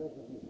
Thank you.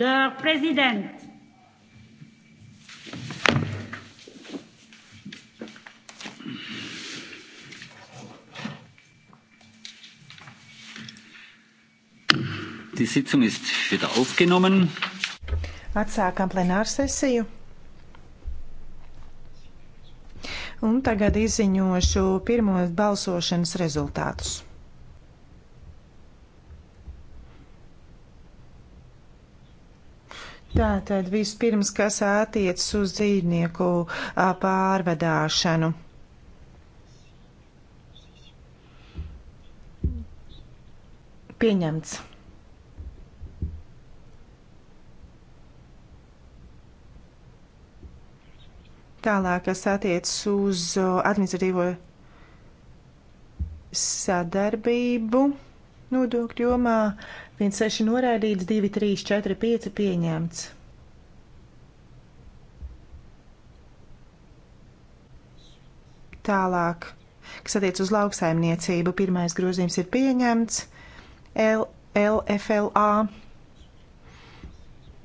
Der Präsident. Die Sitzung ist wieder aufgenommen. Atsākam plenārsesiju. Un tagad izziņošu pirmos balsošanas rezultātus. Tātad vispirms, kas attiecas uz dzīvnieku pārvadāšanu. Pieņemts. Tālāk, kas attiecas uz administratīvo sadarbību nodokļu jomā 1, 6 noraidīts, 2, 3, 4, 5 pieņemts. Tālāk, kas attiec uz lauksaimniecību, pirmais grozījums ir pieņemts L, LFLA.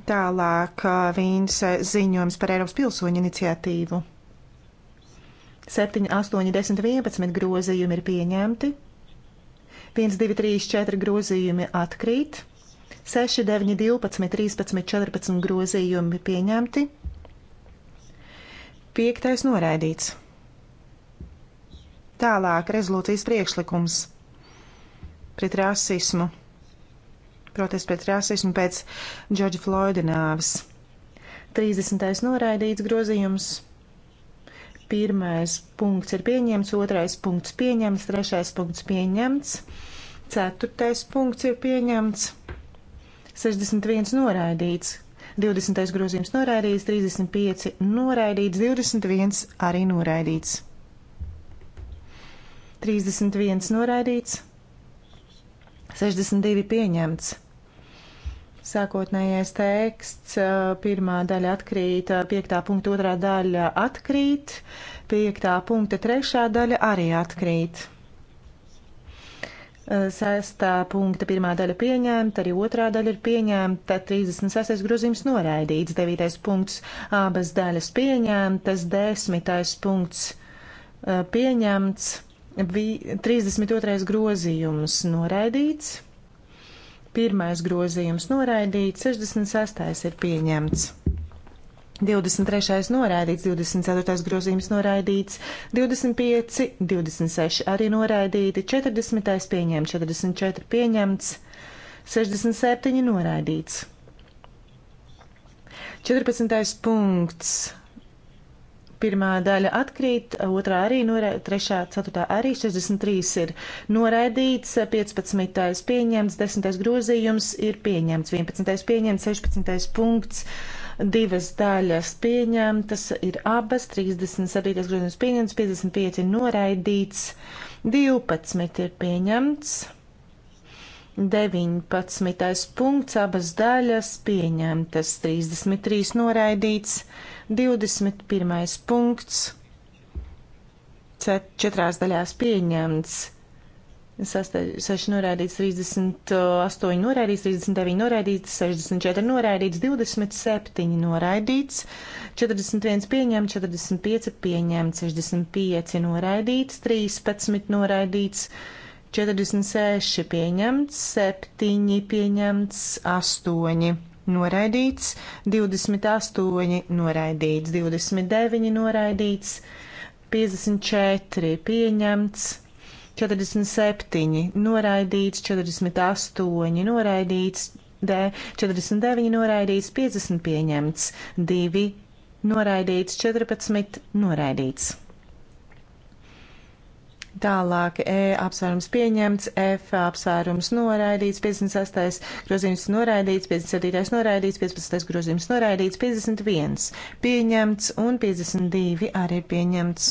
Tālāk vīns ziņojums par Eiropas pilsoņu iniciatīvu. 7, 8, 10, 11 grozījumi ir pieņemti. 1, 2, 3, 4 grozījumi atkrīt, 6, 9, 12, 13, 14 grozījumi pieņemti, 5. noraidīts. Tālāk rezolūcijas priekšlikums pret rasismu. Protests pret rasismu pēc Džordža Floyda nāves. 30. noraidīts grozījums. Pirmais punkts ir pieņemts, otrais punkts pieņemts, trešais punkts pieņemts, ceturtais punkts ir pieņemts, 61 noraidīts, 20. grozījums noraidīts, 35 noraidīts, 21 arī noraidīts. 31 noraidīts, 62 pieņemts, Sākotnējais teksts, pirmā daļa atkrīt, piektā punkta otrā daļa atkrīt, piektā punkta trešā daļa arī atkrīt. Sestā punkta pirmā daļa pieņemta, arī otrā daļa ir pieņemta, 36. grozījums noraidīts, 9. punkts abas daļas pieņemtas, 10. punkts pieņemts, 32. grozījums noraidīts. Pirmais grozījums noraidīts, 66. ir pieņemts. 23. noraidīts, 24. grozījums noraidīts, 25, 26 arī noraidīti, 40. pieņemts, 44 pieņemts, 67 noraidīts. 14. punkts Pirmā daļa atkrīt, otrā arī, norē, trešā, ceturtā arī, 63 ir noraidīts, 15. pieņemts, 10. grozījums ir pieņemts, 11. pieņemts, 16. punkts, divas daļas pieņemtas ir abas, 37. grozījums pieņemts, 55 ir noraidīts, 12 ir pieņemts. 19. punkts, abas daļas pieņemtas, 33 noraidīts, 21. punkts četrās daļās pieņemts. 6 noraidīts, 38 noraidīts, 39 noraidīts, 64 noraidīts, 27 noraidīts, 41 pieņemts, 45 pieņemts, 65 noraidīts, 13 noraidīts, 46 pieņemts, 7 pieņemts, 8 noraidīts, 28 noraidīts, 29 noraidīts, 54 pieņemts, 47 noraidīts, 48 noraidīts, D 49 noraidīts, 50 pieņemts, 2 noraidīts, 14 noraidīts. Tālāk E apsvērums pieņemts, F apsvērums noraidīts, 56. grozījums noraidīts, 57. noraidīts, 15. grozījums noraidīts, 51. pieņemts un 52 arī pieņemts.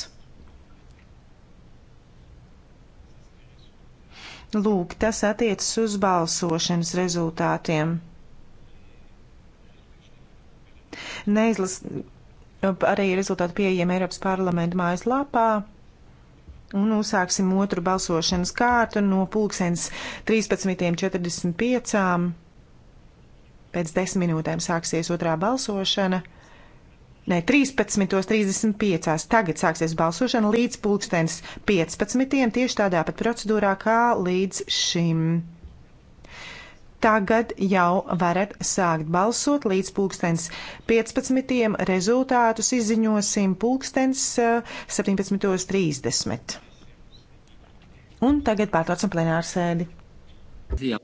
Lūk, tas attiecas uz balsošanas rezultātiem. Neizlas arī rezultāti pieejami Eiropas parlamenta mājas lapā un uzsāksim nu, otru balsošanas kārtu no pulksens 13.45. Pēc desmit minūtēm sāksies otrā balsošana. Nē, 13.35. Tagad sāksies balsošana līdz pulkstens 15. tieši tādā pat procedūrā kā līdz šim. Tagad jau varat sākt balsot līdz pulkstens 15. rezultātus izziņosim pulkstens 17.30. Eh, Un tagad pārtraucam plenārsēdi. Jā.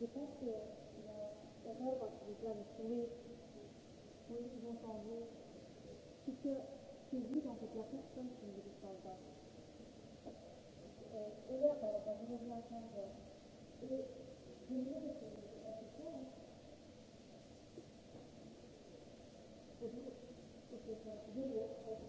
J'étais d'accord quand tu dis là, oui, oui, j'entends C'est que tu vis dans cette la personne qui ne vit pas là. Et là, quand je reviens à 15 heures, et je me dis que c'est pas tout ça, hein. Et je dis, c'est que c'est un